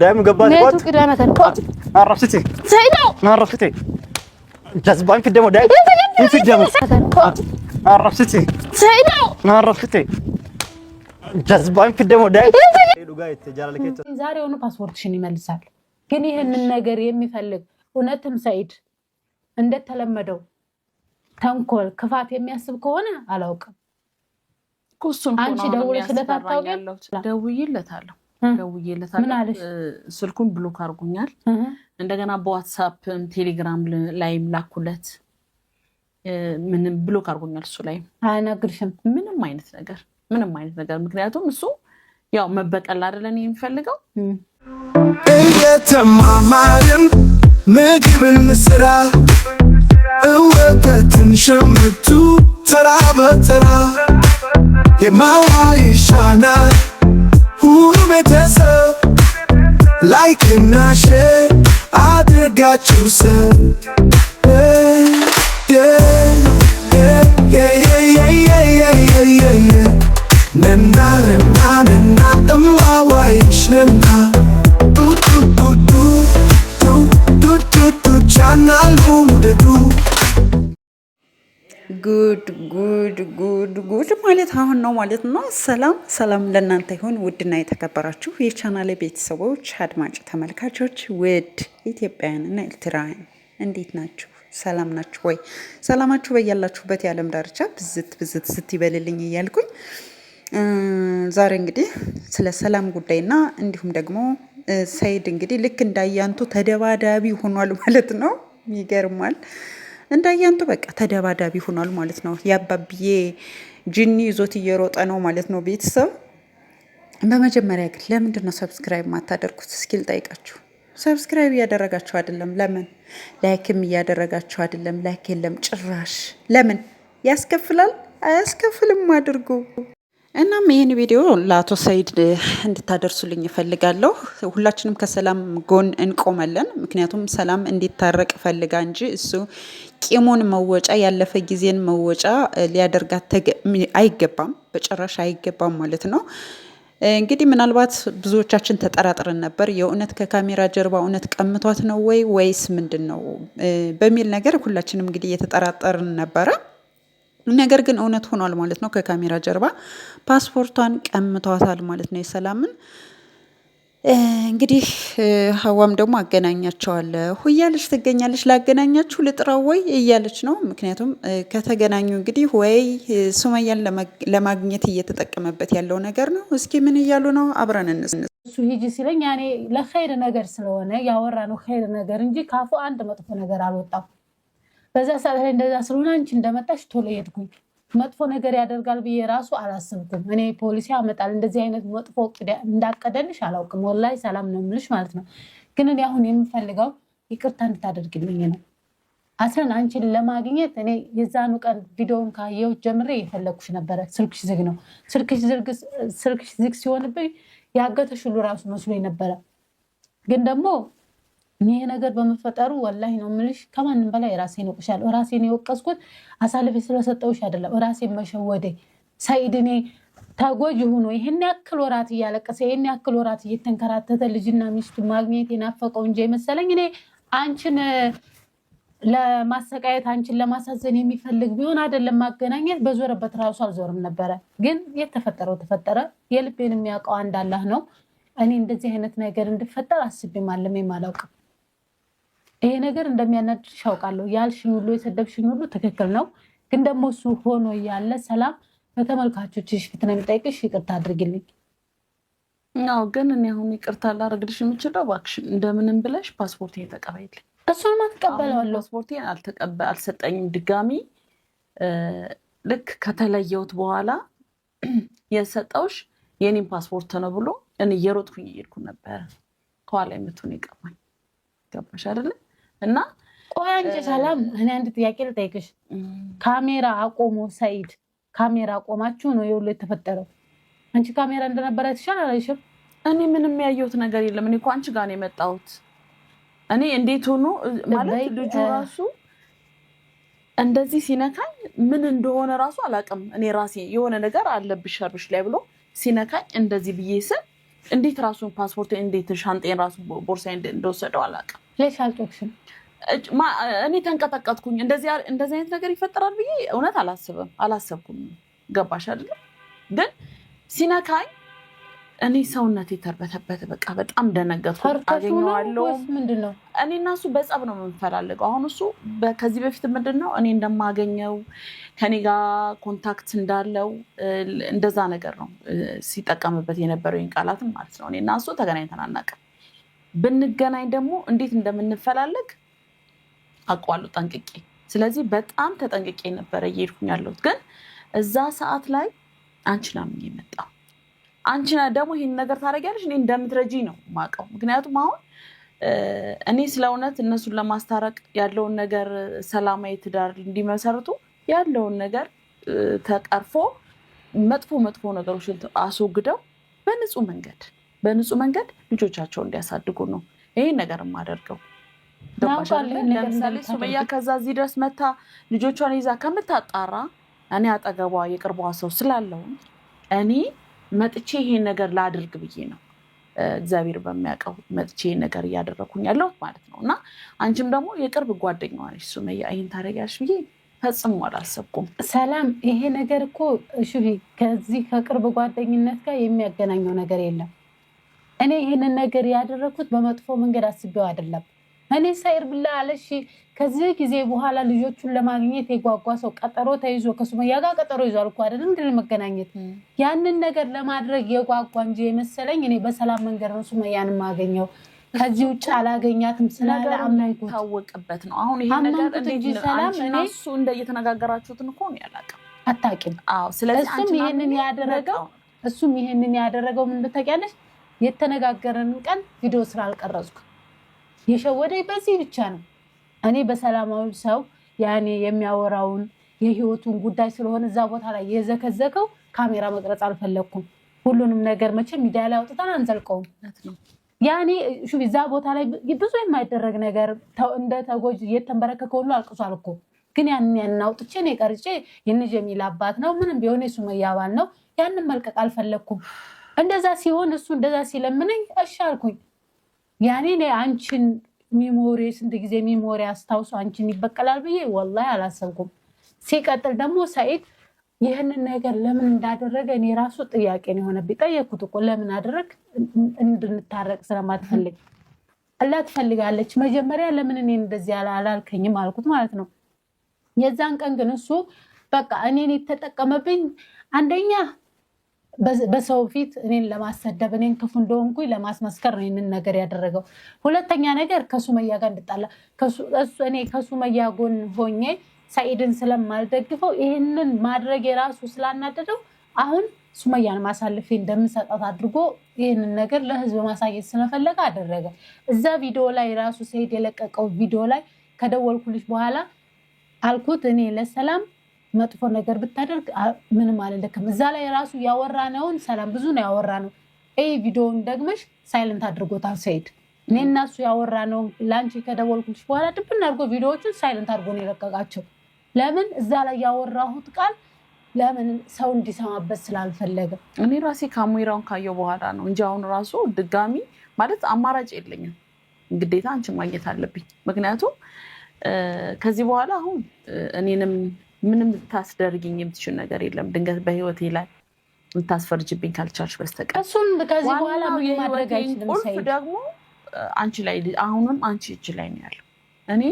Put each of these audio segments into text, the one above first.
ዳይም ገባን ቆጥ ዛሬውኑ ፓስፖርትሽን ይመልሳል። ግን ይህንን ነገር የሚፈልግ እውነትም ሰኢድ እንደተለመደው ተንኮል፣ ክፋት የሚያስብ ከሆነ አላውቅም። አንቺ ደውዬለታለሁ። ስልኩን ብሎክ አድርጎኛል። እንደገና በዋትሳፕም ቴሌግራም ላይም ላኩለት። ምንም ብሎክ አድርጎኛል። እሱ ላይ አያናግርሽም ምንም አይነት ነገር ምንም አይነት ነገር ምክንያቱም እሱ ያው መበቀል አይደለን የሚፈልገው። እየተማማርን ምግብን ስራ እወተትን ሸምቱ ተራ በተራ የማዋ ይሻናል ሁሉ ቤተሰብ ላይክ እና ሼር አድርጋችሁ ሰብ ጉድ ጉድ ጉድ ጉድ ማለት አሁን ነው ማለት ነው። ሰላም ሰላም ለእናንተ ይሁን ውድና የተከበራችሁ የቻናሌ ቤተሰቦች አድማጭ ተመልካቾች፣ ውድ ኢትዮጵያውያንና እና ኤርትራውያን እንዴት ናችሁ? ሰላም ናችሁ ወይ? ሰላማችሁ በያላችሁበት የዓለም ዳርቻ ብዝት ብዝት ስት ይበልልኝ እያልኩኝ ዛሬ እንግዲህ ስለ ሰላም ጉዳይና እንዲሁም ደግሞ ሰይድ እንግዲህ ልክ እንዳያንቱ ተደባዳቢ ሆኗል ማለት ነው። ይገርማል። እንዳያንቱ በቃ ተደባዳቢ ሆኗል ማለት ነው። የአባብዬ ጅኒ ይዞት እየሮጠ ነው ማለት ነው። ቤተሰብ በመጀመሪያ ግን ለምንድን ነው ሰብስክራይብ ማታደርጉት እስኪል ጠይቃችሁ ሰብስክራይብ እያደረጋችሁ አይደለም። ለምን ላይክም እያደረጋችሁ አይደለም። ላይክ የለም ጭራሽ። ለምን ያስከፍላል? አያስከፍልም አድርጉ። እናም ይህን ቪዲዮ ለአቶ ሰይድ እንድታደርሱልኝ እፈልጋለሁ። ሁላችንም ከሰላም ጎን እንቆመለን። ምክንያቱም ሰላም እንዲታረቅ ፈልጋ እንጂ እሱ ቂሙን መወጫ ያለፈ ጊዜን መወጫ ሊያደርጋት አይገባም፣ በጭራሽ አይገባም ማለት ነው። እንግዲህ ምናልባት ብዙዎቻችን ተጠራጥረን ነበር። የእውነት ከካሜራ ጀርባ እውነት ቀምቷት ነው ወይ ወይስ ምንድን ነው በሚል ነገር ሁላችንም እንግዲህ እየተጠራጠርን ነበረ። ነገር ግን እውነት ሆኗል ማለት ነው። ከካሜራ ጀርባ ፓስፖርቷን ቀምተዋታል ማለት ነው የሰላምን። እንግዲህ ሀዋም ደግሞ አገናኛቸዋለሁ እያለች ትገኛለች። ላገናኛችሁ ልጥራው ወይ እያለች ነው። ምክንያቱም ከተገናኙ እንግዲህ ወይ ሱመያን ለማግኘት እየተጠቀመበት ያለው ነገር ነው። እስኪ ምን እያሉ ነው? አብረን እንስንስ እሱ ሂጂ ሲለኝ ያኔ ለኸይር ነገር ስለሆነ ያወራ ነው ኸይር ነገር እንጂ ካፉ አንድ መጥፎ ነገር አልወጣም። በዛ ሰዓት ላይ እንደዛ ስለሆነ አንቺ እንደመጣሽ ቶሎ ሄድኩኝ። መጥፎ ነገር ያደርጋል ብዬ ራሱ አላሰብኩም። እኔ ፖሊሲ ያመጣል እንደዚህ አይነት መጥፎ እንዳቀደንሽ አላውቅም። ወላሂ ሰላም ነው የምልሽ ማለት ነው። ግን እኔ አሁን የምፈልገው ይቅርታ እንድታደርግልኝ ነው። አስረን አንቺን ለማግኘት እኔ የዛኑ ቀን ቪዲዮን ካየው ጀምሬ የፈለግኩሽ ነበረ። ስልክሽ ዝግ ነው። ስልክሽ ዝግ ሲሆንብኝ ያገተሽሉ ራሱ መስሎኝ ነበረ። ግን ደግሞ ይሄ ነገር በመፈጠሩ ወላሂ ነው የምልሽ፣ ከማንም በላይ ራሴን ወቅሻለሁ። ራሴን የወቀስኩት አሳልፌ ስለሰጠውሽ አይደለም፣ ራሴን መሸወዴ ሳይድኔ እኔ ተጎጂ ሆኖ ይህን ያክል ወራት እያለቀሰ ይህን ያክል ወራት እየተንከራተተ ልጅና ሚስቱ ማግኘት የናፈቀው እንጂ የመሰለኝ እኔ አንቺን ለማሰቃየት አንቺን ለማሳዘን የሚፈልግ ቢሆን አይደለም ማገናኘት በዞረበት ራሱ አልዞርም ነበረ። ግን የተፈጠረው ተፈጠረ። የልቤን የሚያውቀው አንድ አላህ ነው። እኔ እንደዚህ አይነት ነገር እንድፈጠር አስቤ አለም የማላውቅም ይሄ ነገር እንደሚያናድድሽ አውቃለሁ። ያልሽኝ ሁሉ የሰደብሽኝ ሁሉ ትክክል ነው፣ ግን ደግሞ እሱ ሆኖ እያለ ሰላም በተመልካቾችሽ ፊት ነው የሚጠይቅሽ። ይቅርታ አድርግልኝ። አዎ ግን እኔ አሁን ይቅርታ ላደርግልሽ የምችለው እባክሽ እንደምንም ብለሽ ፓስፖርት ተቀበይልኝ። እሱን ትቀበለዋለሁ። ፓስፖርት አልሰጠኝም ድጋሚ ልክ ከተለየሁት በኋላ የሰጠውሽ የኔም ፓስፖርት ነው ብሎ እኔ እየሮጥኩኝ እየሄድኩ ነበረ። ከኋላ የምትሆን ይቀማኝ ገባሽ አይደለም እና ቆይ አንቺ ሰላም፣ እኔ አንድ ጥያቄ ልጠይቅሽ። ካሜራ አቆሞ ሰይድ ካሜራ አቆማችሁ ነው የሁሉ የተፈጠረው? አንቺ ካሜራ እንደነበረ ትሻል አላይሽም? እኔ ምንም ያየሁት ነገር የለም። እኔ እኮ አንቺ ጋር ነው የመጣሁት። እኔ እንዴት ሆኖ ማለት ልጁ ራሱ እንደዚህ ሲነካኝ ምን እንደሆነ ራሱ አላውቅም። እኔ ራሴ የሆነ ነገር አለብሽ ሸርብሽ ላይ ብሎ ሲነካኝ እንደዚህ ብዬ ስል እንዴት ራሱን ፓስፖርት እንዴት ሻንጤን ራሱ ቦርሳ እንደወሰደው አላውቅም። ለሽ አልጮክሽም? እኔ ተንቀጠቀጥኩኝ። እንደዚህ አይነት ነገር ይፈጠራል ብዬ እውነት አላስብም አላሰብኩም። ገባሽ አይደለም? ግን ሲነካኝ እኔ ሰውነት የተርበተበት በቃ በጣም ደነገጥኩ። አገኘዋለሁ ምንድን ነው እኔ እና እሱ በጸብ ነው የምንፈላለገው። አሁን እሱ ከዚህ በፊት ምንድን ነው እኔ እንደማገኘው ከኔ ጋር ኮንታክት እንዳለው እንደዛ ነገር ነው ሲጠቀምበት የነበረው ቃላትም ማለት ነው። እኔ እና እሱ ተገናኝተን አናውቅም። ብንገናኝ ደግሞ እንዴት እንደምንፈላለግ አውቀዋለሁ ጠንቅቄ። ስለዚህ በጣም ተጠንቅቄ ነበረ እየሄድኩኝ ያለሁት። ግን እዛ ሰዓት ላይ አንቺን አምኜ የመጣሁ አንቺን ደግሞ ይህን ነገር ታደርጊያለሽ እኔ እንደምትረጂ ነው የማውቀው። ምክንያቱም አሁን እኔ ስለ እውነት እነሱን ለማስታረቅ ያለውን ነገር ሰላማዊ ትዳር እንዲመሰርቱ ያለውን ነገር ተቀርፎ መጥፎ መጥፎ ነገሮችን አስወግደው በንጹህ መንገድ በንጹህ መንገድ ልጆቻቸውን እንዲያሳድጉ ነው ይህን ነገር የማደርገው። ለምሳሌ ሱመያ ከዛ እዚህ ድረስ መታ ልጆቿን ይዛ ከምታጣራ እኔ አጠገቧ የቅርቧ ሰው ስላለው እኔ መጥቼ ይሄን ነገር ላድርግ ብዬ ነው እግዚአብሔር በሚያውቀው መጥቼ ይሄን ነገር እያደረግኩኝ ያለው ማለት ነው። እና አንቺም ደግሞ የቅርብ ጓደኛዋ ነሽ ሱመያ ይህን ታደርጊያለሽ ብዬ ፈጽሞ አላሰብኩም። ሰላም፣ ይሄ ነገር እኮ እሺ፣ ከዚህ ከቅርብ ጓደኝነት ጋር የሚያገናኘው ነገር የለም። እኔ ይህንን ነገር ያደረግኩት በመጥፎ መንገድ አስቤው አይደለም። እኔ ሳይር ብላ አለሺ ከዚህ ጊዜ በኋላ ልጆቹን ለማግኘት የጓጓ ሰው ቀጠሮ ተይዞ ከሱመያ ጋር ቀጠሮ ይዟል እኮ አይደል እንደ መገናኘት ያንን ነገር ለማድረግ የጓጓ እንጂ የመሰለኝ እኔ በሰላም መንገድ ነው ሱመያን የማገኘው። ከዚህ ውጭ አላገኛትም ስላለ አምናይታወቅበት ነው አሁን ይሄ ነገር እንጂ ሰላም እሱ እንደ እየተነጋገራችሁትን እኮ ያላቅም አታውቂም። ስለዚህ ይህንን ያደረገው እሱም ይህንን ያደረገው ምን ታውቂያለሽ የተነጋገረንን ቀን ቪዲዮ ስላልቀረጽኩ የሸወደኝ በዚህ ብቻ ነው። እኔ በሰላማዊ ሰው ያኔ የሚያወራውን የህይወቱን ጉዳይ ስለሆነ እዛ ቦታ ላይ የዘከዘከው ካሜራ መቅረጽ አልፈለግኩም። ሁሉንም ነገር መቼ ሚዲያ ላይ አውጥተን አንዘልቀውም። ያኔ እዛ ቦታ ላይ ብዙ የማይደረግ ነገር እንደ ተጎጅ የተንበረከከ ሁሉ አልቅሷል እኮ ግን ያንን ያንን አውጥቼ እኔ ቀርጬ የንጅ የሚል አባት ነው ምንም ቢሆን የሱመያ አባል ነው። ያንን መልቀቅ አልፈለግኩም። እንደዛ ሲሆን እሱ እንደዛ ሲለምነኝ እሺ አልኩኝ። ያኔ አንቺን ሚሞሪ ስንት ጊዜ ሚሞሪ አስታውሶ አንቺን ይበቀላል ብዬ ወላሂ አላሰብኩም። ሲቀጥል ደግሞ ሰኢድ ይህንን ነገር ለምን እንዳደረገ እኔ ራሱ ጥያቄ ነው የሆነብኝ። ጠየኩት እኮ ለምን አደረግ እንድንታረቅ ስለማትፈልግ አላ ትፈልጋለች። መጀመሪያ ለምን እኔ እንደዚህ አላልከኝም አልኩት ማለት ነው። የዛን ቀን ግን እሱ በቃ እኔን የተጠቀመብኝ አንደኛ በሰው ፊት እኔን ለማሰደብ እኔን ክፉ እንደሆንኩ ለማስመስከር ነው ይህንን ነገር ያደረገው። ሁለተኛ ነገር ከሱመያ ጋር እንድጣላ እኔ ከሱመያ ጎን ሆኜ ሰኢድን ስለማልደግፈው ይህንን ማድረግ የራሱ ስላናደደው አሁን ሱመያን ማሳልፌ እንደምሰጣት አድርጎ ይህንን ነገር ለህዝብ ማሳየት ስለፈለገ አደረገ። እዛ ቪዲዮ ላይ ራሱ ሰኢድ የለቀቀው ቪዲዮ ላይ ከደወልኩልሽ በኋላ አልኩት እኔ ለሰላም መጥፎ ነገር ብታደርግ ምንም አልልክም። እዛ ላይ ራሱ ያወራነውን ሰላም ብዙ ነው ያወራነው። ይህ ቪዲዮውን ደግመሽ ሳይለንት አድርጎታል ሰይድ። እኔ እና እሱ ያወራነውን ለአንቺ ከደወልኩልሽ በኋላ ድብን አድርጎ ቪዲዮዎቹን ሳይለንት አድርጎ ነው የለቀቃቸው። ለምን እዛ ላይ ያወራሁት ቃል ለምን ሰው እንዲሰማበት ስላልፈለገ እኔ ራሴ ካሜራውን ካየው በኋላ ነው እንጂ አሁን ራሱ ድጋሚ ማለት አማራጭ የለኝም። ግዴታ አንቺን ማግኘት አለብኝ። ምክንያቱም ከዚህ በኋላ አሁን እኔንም ምንም ልታስደርግኝ የምትችል ነገር የለም። ድንገት በህይወቴ ላይ ልታስፈርጅብኝ ካልቻልሽ በስተቀር እሱም ከዚህ በኋላ ቁልፍ ደግሞ አንቺ ላይ አሁንም አንቺ እጅ ላይ ነው ያለው። እኔ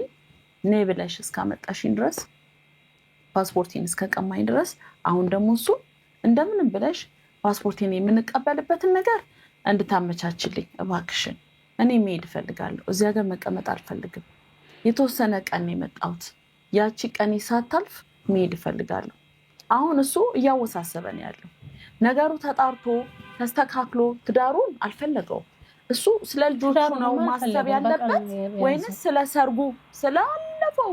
ነይ ብለሽ እስካመጣሽኝ ድረስ ፓስፖርቴን እስከቀማኝ ድረስ አሁን ደግሞ እሱ እንደምንም ብለሽ ፓስፖርቴን የምንቀበልበትን ነገር እንድታመቻችልኝ እባክሽን። እኔ መሄድ እፈልጋለሁ። እዚያ ሀገር መቀመጥ አልፈልግም። የተወሰነ ቀን የመጣሁት ያቺ ቀኔ ሳታልፍ መሄድ እፈልጋለሁ። አሁን እሱ እያወሳሰበን ያለው ነገሩ ተጣርቶ ተስተካክሎ ትዳሩን አልፈለገውም። እሱ ስለ ልጆቹ ነው ማሰብ ያለበት ወይንስ ስለ ሰርጉ ስላለፈው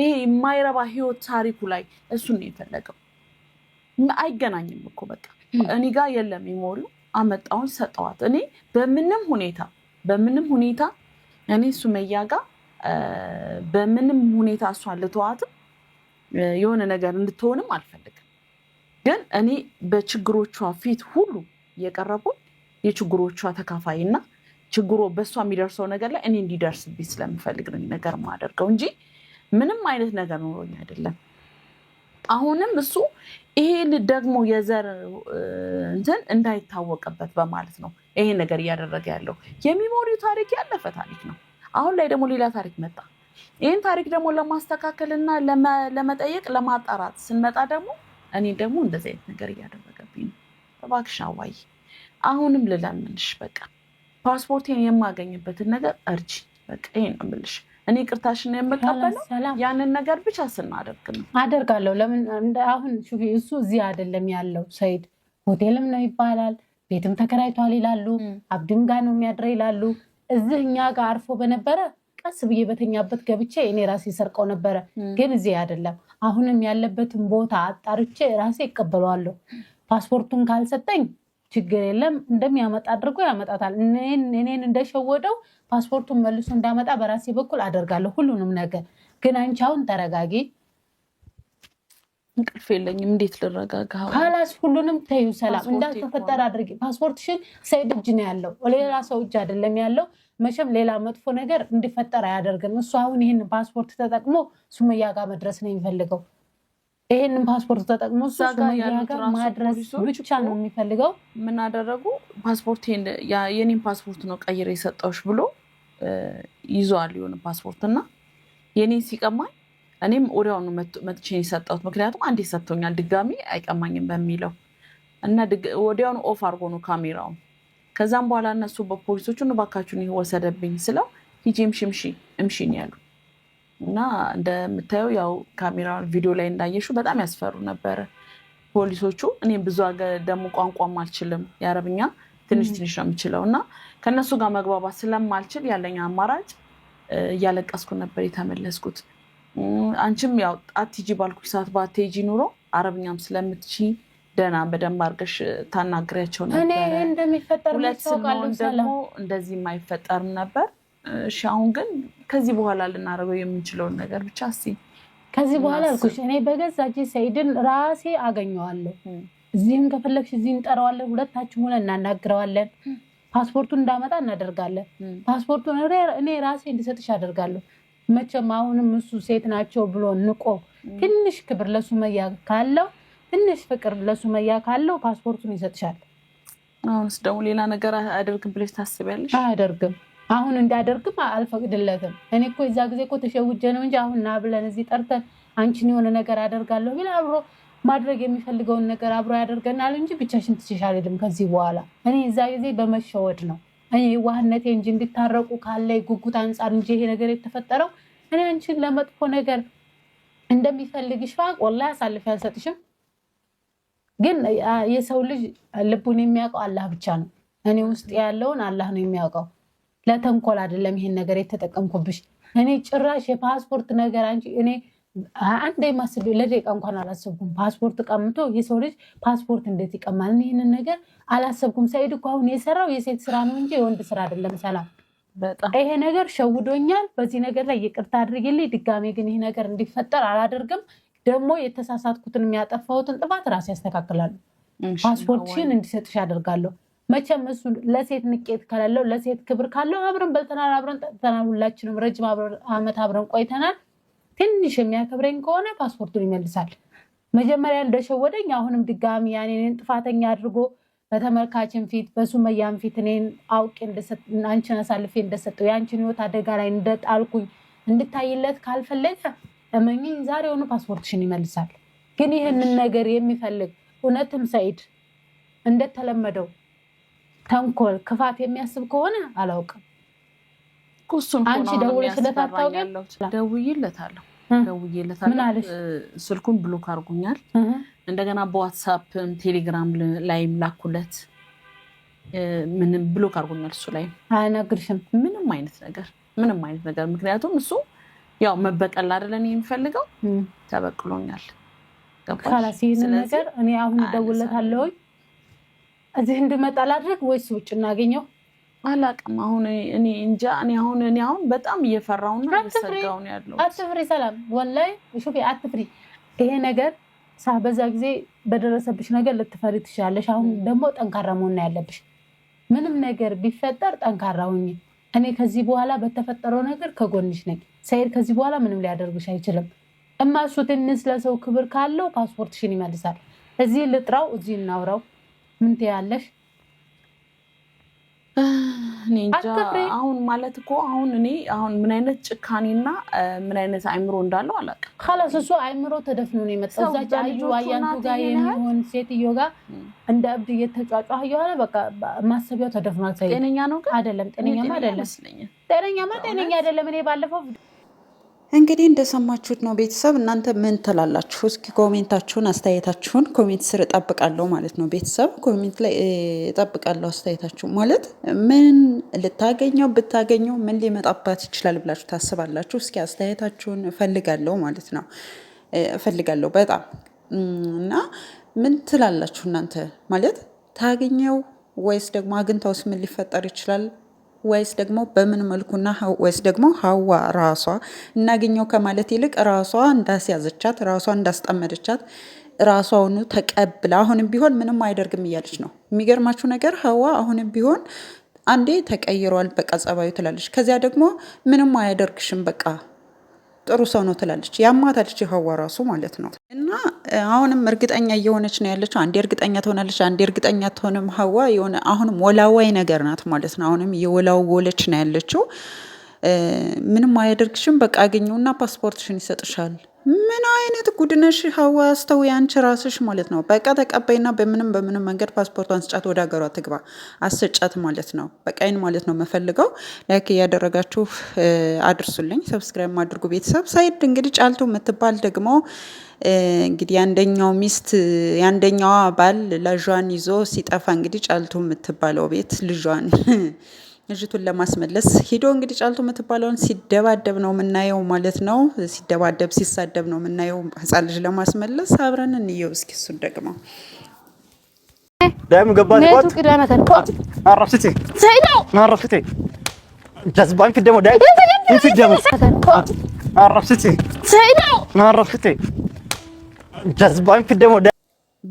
ይሄ የማይረባ ህይወት ታሪኩ ላይ እሱ ነው የፈለገው? አይገናኝም እኮ በቃ እኔ ጋር የለም ሜሞሪው። አመጣውን ሰጠዋት። እኔ በምንም ሁኔታ በምንም ሁኔታ እኔ ሱመያ ጋር በምንም ሁኔታ እሷን ልተዋትም የሆነ ነገር እንድትሆንም አልፈልግም። ግን እኔ በችግሮቿ ፊት ሁሉ የቀረቡት የችግሮቿ ተካፋይ እና ችግሮ በእሷ የሚደርሰው ነገር ላይ እኔ እንዲደርስብኝ ስለምፈልግ ነው ነገር ማደርገው እንጂ ምንም አይነት ነገር ኖሮኝ አይደለም። አሁንም እሱ ይሄ ደግሞ የዘር እንትን እንዳይታወቅበት በማለት ነው ይሄ ነገር እያደረገ ያለው። የሚሞሪው ታሪክ ያለፈ ታሪክ ነው። አሁን ላይ ደግሞ ሌላ ታሪክ መጣ። ይህን ታሪክ ደግሞ ለማስተካከል እና ለመጠየቅ ለማጣራት ስንመጣ ደግሞ እኔ ደግሞ እንደዚህ አይነት ነገር እያደረገብኝ ነው። እባክሽ አዋይ አሁንም ልለምንሽ፣ በቃ ፓስፖርቴን የማገኝበትን ነገር እርጂ። በቃ ይሄ ነው የምልሽ። እኔ ቅርታሽን የምቀበለው ያንን ነገር ብቻ ስናደርግ ነው። አደርጋለሁ። ለምን አሁን እሱ እዚህ አይደለም ያለው። ሰይድ ሆቴልም ነው ይባላል፣ ቤትም ተከራይቷል ይላሉ፣ አብድም ጋር ነው የሚያድረው ይላሉ። እዚህ እኛ ጋር አርፎ በነበረ ቀስ ብዬ በተኛበት ገብቼ እኔ ራሴ ሰርቀው ነበረ። ግን እዚህ አይደለም። አሁንም ያለበትን ቦታ አጣርቼ ራሴ ይቀበለዋለሁ። ፓስፖርቱን ካልሰጠኝ ችግር የለም እንደሚያመጣ አድርጎ ያመጣታል። እኔን እንደሸወደው ፓስፖርቱን መልሶ እንዳመጣ በራሴ በኩል አደርጋለሁ ሁሉንም ነገር። ግን አንቺ አሁን ተረጋጊ እንቅልፍ የለኝም። እንዴት ልረጋጋ? ካላስ ሁሉንም ተዩ፣ ሰላም እንዳልተፈጠረ አድርጊ። ፓስፖርትሽን ሰይድ እጅ ነው ያለው፣ ሌላ ሰው እጅ አይደለም ያለው። መቼም ሌላ መጥፎ ነገር እንዲፈጠር አያደርግም። እሱ አሁን ይህን ፓስፖርት ተጠቅሞ ሱመያ ጋር መድረስ ነው የሚፈልገው። ይህንን ፓስፖርት ተጠቅሞ ማድረስ ብቻ ነው የሚፈልገው። ምን አደረጉ? ፓስፖርት የኔን ፓስፖርት ነው ቀይሬ የሰጠውሽ ብሎ ይዘዋል። የሆነ ፓስፖርት እና የኔን ሲቀማኝ እኔም ወዲያውኑ መጥቼ የሰጠሁት ምክንያቱም አንዴ ሰጥቶኛል ድጋሚ አይቀማኝም በሚለው እና ወዲያውኑ ኦፍ አድርጎ ነው ካሜራውን። ከዛም በኋላ እነሱ በፖሊሶቹ እባካችሁን ይህ ወሰደብኝ ስለው ሂጂ እምሺ እምሺን ያሉ እና እንደምታየው ያው ካሜራ ቪዲዮ ላይ እንዳየሹ በጣም ያስፈሩ ነበረ ፖሊሶቹ። እኔም ብዙ ደግሞ ቋንቋም አልችልም የአረብኛ ትንሽ ትንሽ ነው የምችለው እና ከእነሱ ጋር መግባባት ስለማልችል ያለኝ አማራጭ እያለቀስኩ ነበር የተመለስኩት። አንቺም ያው አትሄጂ ባልኩሽ ሰዓት በአትሄጂ ኑሮ አረብኛም ስለምትቺ ደህና በደንብ አድርገሽ ታናግሪያቸው ነበር። ሁለት ስንሆን ደግሞ እንደዚህ የማይፈጠርም ነበር። እሺ አሁን ግን ከዚህ በኋላ ልናደርገው የምንችለውን ነገር ብቻ እስኪ ከዚህ በኋላ አልኩሽ እኔ በገዛ እጄ ሰይድን ራሴ አገኘዋለሁ። እዚህም ከፈለግሽ እዚህ እንጠራዋለን። ሁለታችን ሆነ እናናግረዋለን። ፓስፖርቱን እንዳመጣ እናደርጋለን። ፓስፖርቱን እኔ ራሴ እንድሰጥሽ አደርጋለሁ። መቼም አሁንም እሱ ሴት ናቸው ብሎ ንቆ ትንሽ ክብር ለሱመያ ካለው ትንሽ ፍቅር ለሱመያ ካለው ፓስፖርቱን ይሰጥሻል። አሁንስ ደግሞ ሌላ ነገር አደርግም ብለሽ ታስቢያለሽ? አያደርግም። አሁን እንዳደርግም አልፈቅድለትም። እኔ እኮ የዛ ጊዜ እኮ ተሸውጀ ነው እንጂ አሁን ና ብለን እዚህ ጠርተን አንቺን የሆነ ነገር አደርጋለሁ ቢል አብሮ ማድረግ የሚፈልገውን ነገር አብሮ ያደርገናል እንጂ ብቻሽን ትችሻል ድም ከዚህ በኋላ። እኔ እዛ ጊዜ በመሸወድ ነው እኔ ዋህነቴ እንጂ እንድታረቁ ካለ ጉጉት አንጻር እንጂ ይሄ ነገር የተፈጠረው እኔ አንቺን ለመጥፎ ነገር እንደሚፈልግሽ ፋቅ ወላሂ አሳልፌ አልሰጥሽም። ግን የሰው ልጅ ልቡን የሚያውቀው አላህ ብቻ ነው። እኔ ውስጥ ያለውን አላህ ነው የሚያውቀው። ለተንኮል አይደለም ይሄን ነገር የተጠቀምኩብሽ። እኔ ጭራሽ የፓስፖርት ነገር አንቺ እኔ አንድ የማስሉ ለደቂቃ እንኳን አላሰብኩም። ፓስፖርት ቀምቶ የሰው ልጅ ፓስፖርት እንዴት ይቀማል? ይህንን ነገር አላሰብኩም። ሰኢድ እኮ አሁን የሰራው የሴት ስራ ነው እንጂ የወንድ ስራ አይደለም። ሰላም ይሄ ነገር ሸውዶኛል። በዚህ ነገር ላይ ይቅርታ አድርግልኝ። ድጋሜ ግን ይህ ነገር እንዲፈጠር አላደርግም። ደግሞ የተሳሳትኩትን የሚያጠፋሁትን ጥፋት ራሴ ያስተካክላሉ። ፓስፖርትሽን እንዲሰጥሽ አደርጋለሁ። መቼም እሱ ለሴት ንቄት ከሌለው ለሴት ክብር ካለው አብረን በልተናል፣ አብረን ጠጥተናል። ሁላችንም ረጅም ዓመት አብረን ቆይተናል። ትንሽ የሚያከብረኝ ከሆነ ፓስፖርቱን ይመልሳል። መጀመሪያ እንደሸወደኝ አሁንም ድጋሚ ያኔን ጥፋተኛ አድርጎ በተመልካችን ፊት በሱመያን ፊት እኔን አውቄ አንቺን አሳልፌ እንደሰጠው የአንቺን ህይወት አደጋ ላይ እንደጣልኩኝ እንድታይለት ካልፈለገ እመኝኝ ዛሬውኑ ፓስፖርትሽን ይመልሳል። ግን ይህንን ነገር የሚፈልግ እውነትም ሰኢድ እንደተለመደው ተንኮል፣ ክፋት የሚያስብ ከሆነ አላውቅም። አንቺ ደውለሽ ስለታታውቂያለሽ? ደውዬለታለሁ ደውዬለታለሁ። ስልኩን ብሎክ አድርጎኛል። እንደገና በዋትሳፕም ቴሌግራም ላይም ላኩለት። ምንም ብሎክ አድርጎኛል። እሱ ላይ አያናግርሽም ምንም አይነት ነገር ምንም አይነት ነገር። ምክንያቱም እሱ ያው መበቀል አይደለ የሚፈልገው ተበቅሎኛል። ካላስ ይህንን ነገር እኔ አሁን እደውልለታለሁ። እዚህ እንድመጣ ላድርግ ወይስ ውጭ እናገኘው? አላቅም አሁን እኔ እንጃ። እኔ አሁን እኔ አሁን በጣም እየፈራሁ እና እየሰጋሁ ያለው። አትፍሪ ሰላም፣ ወላይ ሹፊ፣ አትፍሪ። ይሄ ነገር ሳ በዛ ጊዜ በደረሰብሽ ነገር ልትፈሪ ትችላለሽ። አሁን ደግሞ ጠንካራ መሆን ያለብሽ። ምንም ነገር ቢፈጠር ጠንካራ ሁኚ። እኔ ከዚህ በኋላ በተፈጠረው ነገር ከጎንሽ ነኝ። ሰይድ ከዚህ በኋላ ምንም ሊያደርግሽ አይችልም። እማ እሱ ትንስ ለሰው ክብር ካለው ፓስፖርትሽን ይመልሳል። እዚህ ልጥራው፣ እዚህ እናውራው። ምን ትያለሽ? አሁን ማለት እኮ አሁን እኔ አሁን ምን አይነት ጭካኔና ምን አይነት አይምሮ እንዳለው አላውቅም። ከላስ እሱ አይምሮ ተደፍኖ ነው የመጣው። እዛች ልጁ አያንቱ ጋር የሚሆን ሴትዮ ጋር እንደ እብድ እየተጫጫ የሆነ በቃ ማሰቢያው ተደፍኗል። ጤነኛ ነው አይደለም፣ ጤነኛማ አይደለም፣ ጤነኛማ ጤነኛ አይደለም። እኔ ባለፈው እንግዲህ እንደሰማችሁት ነው ቤተሰብ። እናንተ ምን ትላላችሁ? እስኪ ኮሜንታችሁን፣ አስተያየታችሁን ኮሜንት ስር እጠብቃለሁ ማለት ነው ቤተሰብ። ኮሜንት ላይ እጠብቃለሁ አስተያየታችሁ። ማለት ምን ልታገኘው ብታገኘው ምን ሊመጣባት ይችላል ብላችሁ ታስባላችሁ? እስኪ አስተያየታችሁን እፈልጋለሁ ማለት ነው እፈልጋለሁ በጣም እና ምን ትላላችሁ እናንተ ማለት ታገኘው ወይስ ደግሞ አግኝታውስ ምን ሊፈጠር ይችላል ወይስ ደግሞ በምን መልኩና ወይስ ደግሞ ሀዋ ራሷ እናገኘው ከማለት ይልቅ ራሷ እንዳስያዘቻት ራሷ እንዳስጠመደቻት ራሷውኑ ተቀብላ አሁንም ቢሆን ምንም አይደርግም እያለች ነው። የሚገርማችሁ ነገር ሀዋ አሁንም ቢሆን አንዴ ተቀይሯል፣ በቃ ጸባዩ ትላለች። ከዚያ ደግሞ ምንም አያደርግሽም በቃ ጥሩ ሰው ነው ትላለች። ያማታለች የሀዋ ራሱ ማለት ነው። እና አሁንም እርግጠኛ እየሆነች ነው ያለችው። አንዴ እርግጠኛ ትሆናለች፣ አንዴ እርግጠኛ ትሆንም። ሀዋ የሆነ አሁንም ወላዋይ ነገር ናት ማለት ነው። አሁንም እየወላወለች ነው ያለችው። ምንም አያደርግሽም፣ በቃ አገኘውና ፓስፖርትሽን ይሰጥሻል ምን አይነት ጉድነሽ ሀዋ አስተው ያንቺ ራስሽ ማለት ነው። በቃ ተቀባይና በምንም በምንም መንገድ ፓስፖርቷን ስጫት፣ ወደ ሀገሯ ትግባ አስጫት ማለት ነው። በቃይን ማለት ነው መፈልገው። ላይክ እያደረጋችሁ አድርሱልኝ፣ ሰብስክራይብ አድርጉ ቤተሰብ። ሳይድ እንግዲህ ጫልቱ የምትባል ደግሞ እንግዲህ የአንደኛው ሚስት የአንደኛዋ ባል ልጇን ይዞ ሲጠፋ እንግዲህ ጫልቱ የምትባለው ቤት ልጇን ልጅቱን ለማስመለስ ሂዶ እንግዲህ ጫልቶ የምትባለውን ሲደባደብ ነው የምናየው ማለት ነው። ሲደባደብ ሲሳደብ ነው የምናየው። ህፃን ልጅ ለማስመለስ አብረን እንየው እስኪ እሱን ደግሞ ዳይም ገባት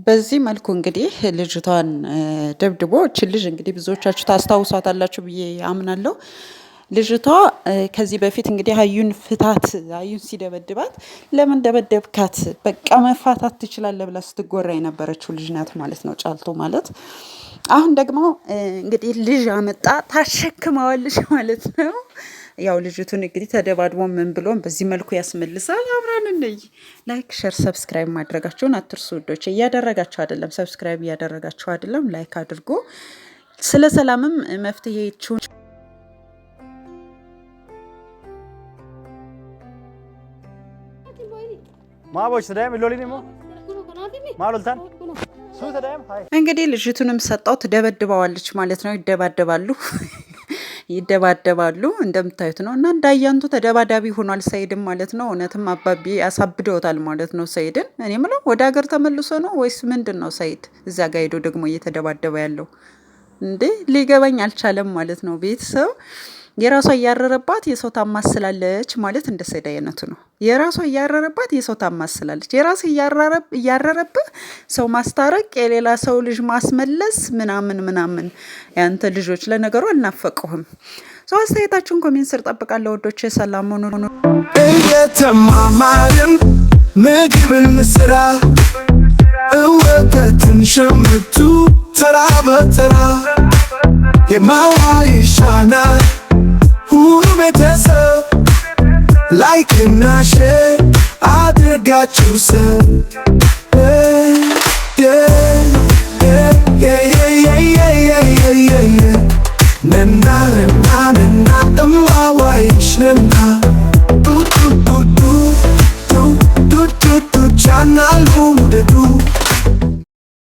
በዚህ መልኩ እንግዲህ ልጅቷን ደብድቦ እችን ልጅ እንግዲህ ብዙዎቻችሁ ታስታውሷታላችሁ ብዬ አምናለሁ። ልጅቷ ከዚህ በፊት እንግዲህ አዩን ፍታት፣ አዩን ሲደበድባት ለምን ደበደብካት፣ በቃ መፋታት ትችላለህ ብላ ስትጎራ የነበረችው ልጅ ናት ማለት ነው፣ ጫልቶ ማለት። አሁን ደግሞ እንግዲህ ልጅ አመጣ ታሸክመዋልሽ ማለት ነው። ያው ልጅቱን እንግዲህ ተደባድቦ ምን ብሎን በዚህ መልኩ ያስመልሳል። አብረን እንይ። ላይክ፣ ሸር፣ ሰብስክራይብ ማድረጋቸውን አትርሱ ውዶች። እያደረጋቸው አይደለም፣ ሰብስክራይብ እያደረጋቸው አይደለም። ላይክ አድርጎ ስለ ሰላምም ማሉልታን እንግዲህ ልጅቱንም ሰጣው፣ ትደበድበዋለች ማለት ነው። ይደባደባሉ ይደባደባሉ። እንደምታዩት ነው እና እንዳያንቱ ተደባዳቢ ሆኗል ሰይድን ማለት ነው። እውነትም አባቢ አሳብደውታል ማለት ነው ሰይድን። እኔ ምለው ወደ ሀገር ተመልሶ ነው ወይስ ምንድን ነው ሰይድ እዛ ጋ ሄዶ ደግሞ እየተደባደበ ያለው እንዴ? ሊገባኝ አልቻለም ማለት ነው ቤተሰብ የራሷ እያረረባት የሰው ታማስላለች ማለት እንደ ሰዳይነቱ ነው። የራሷ እያረረባት የሰው ታማስላለች። የራስ እያረረብህ ሰው ማስታረቅ፣ የሌላ ሰው ልጅ ማስመለስ ምናምን ምናምን። ያንተ ልጆች ለነገሩ አልናፈቁህም። ሰው አስተያየታችሁን ኮሜንት ስር ጠብቃለሁ። ወዶች ሰላም ሆኑ። እየተማማርን ምግብን ስራ እወተትን ሸምቱ ተራ በተራ የማዋ Uno me tessa Like in a shade I did got you, sir eh, yeah